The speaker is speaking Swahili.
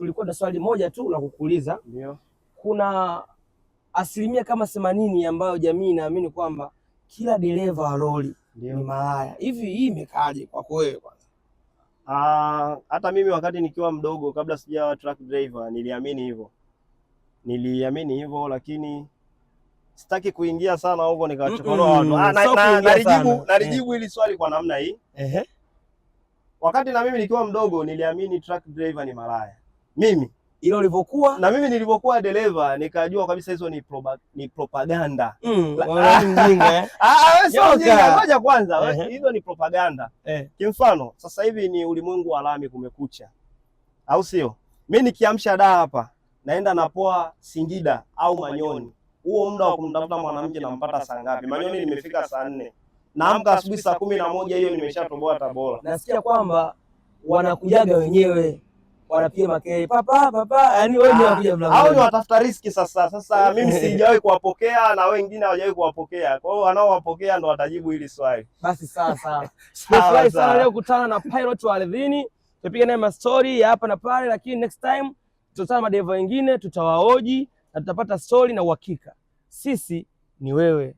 tulikuwa na swali moja tu la kukuuliza. Ndio. Kuna asilimia kama themanini ambayo jamii inaamini kwamba kila dereva wa lori ni malaya. Hivi hii imekaje kwa kweli kwanza? Ah, hata mimi wakati nikiwa mdogo kabla sijawa truck driver niliamini hivyo. Niliamini hivyo lakini sitaki kuingia sana huko nikawachokonoa watu. Ah, nalijibu narijibu hili swali kwa namna hii. Ehe. Wakati na mimi nikiwa mdogo niliamini truck driver ni malaya mimi ilo ulivyokuwa na mimi nilivyokuwa dereva nikajua kabisa hizo ni, proba, ni propaganda moja mm, eh? ah, kwanza hizo ni propaganda eh. kimfano. Sasa hivi ni ulimwengu wa lami, kumekucha, au sio? Mi nikiamsha daa hapa naenda napoa Singida au Manyoni, huo muda wa kumtafuta mwanamke nampata saa ngapi? Manyoni nimefika saa nne, naamka asubuhi saa kumi na moja, hiyo nimeshatoboa Tabora. Nasikia kwamba wanakujaga wenyewe wanapiga makelele papa papa, yani wewe ndio unapiga mlango. Hao ni watafuta riski. Sasa sasa eh, mimi eh, eh. sijawahi kuwapokea na wengine hawajawahi kuwapokea, kwa hiyo wanaowapokea ndo watajibu hili swali. Basi sawa sawa, sana leo kukutana na pilot wa ardhini, tupige naye mastori ya hapa na pale, lakini next time tutakutana madereva wengine, tutawaoji na tutapata stori na uhakika sisi ni wewe.